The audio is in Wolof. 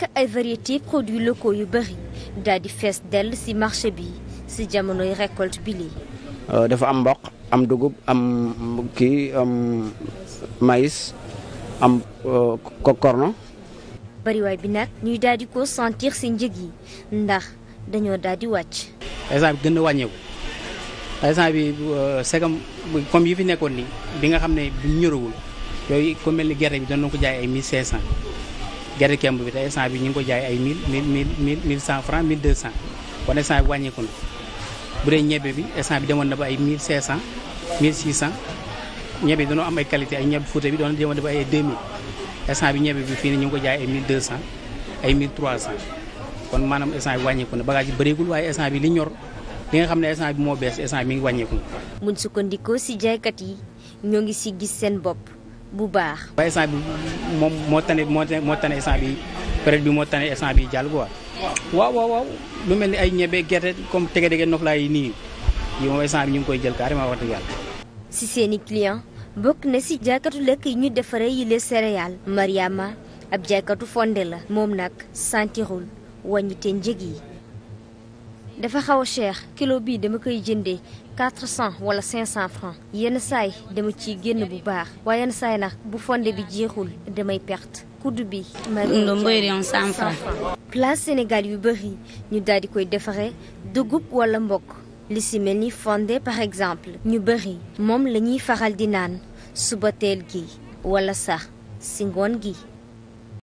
ak ay variété produits locaux yu bëri daal di fees dell ci marché bi ci jamonoy récolte bi lii euh, dafa am mboq am dugub am kii am maïs am kokorno euh, bariwaay bi nag ñuy daal di ko sentir ci njëg yi ndax dañoo daal di wàcc exemple bi gën a wàññewu exemple bi segam euh, comme yi fi nekkoon nii bi nga xam ne bi ñorowul yooyu ku mel ni gerte bi doon na ko jaay ay mille cent gerte kemb bi tey instant bi ñu ngi ko jaay ay 1000 1000 1000 100 francs 1200 kon instant bi wàññeeku na bu dee ñebe bi instant bi demoon na ba ay 1500 1600 ñebe na ba ay 2000 instant bi ñebe bi fii ne ñu ngi ko jaay bëreegul waaye instant bi li ñor li nga xam ne instant bi moo bees instant bi mi ngi wàññeeku na. muñ sukkandikoo si jaaykat yi ñoo ngi si gis seen bopp. bu baax. waaye instant bi moom moo tane moo tane moo tane instant bi période bi moo tane instant bi jàll boo waaw waaw lu mel ni ay ñebe gerte comme tege-dege noflaay yi nii yi moom instant bi ñu ngi koy jël carrément wax dëgg yàlla. si seen i client bokk na si jaaykatu lekk yi ñu defaree yi les céréales. Mariama ab jaaykatu fonde la. moom nag sentirul wàññi te njëg yi. dafa xaw a cher kilo bii dama koy jëndee quatre cent wala cinq cent francs yenn saay dama ciy génn bu baax waaye yenn saay nag bu fonde bi jeexul damay perte kuddu bi. ma ngi cent francs place Sénégal yu bëri ñu daal di koy defaree dugub wala mbokk li si mel ni fonde par exemple ñu bëri moom la ñuy faral di naan suba teel gi wala sax si ngoon gi.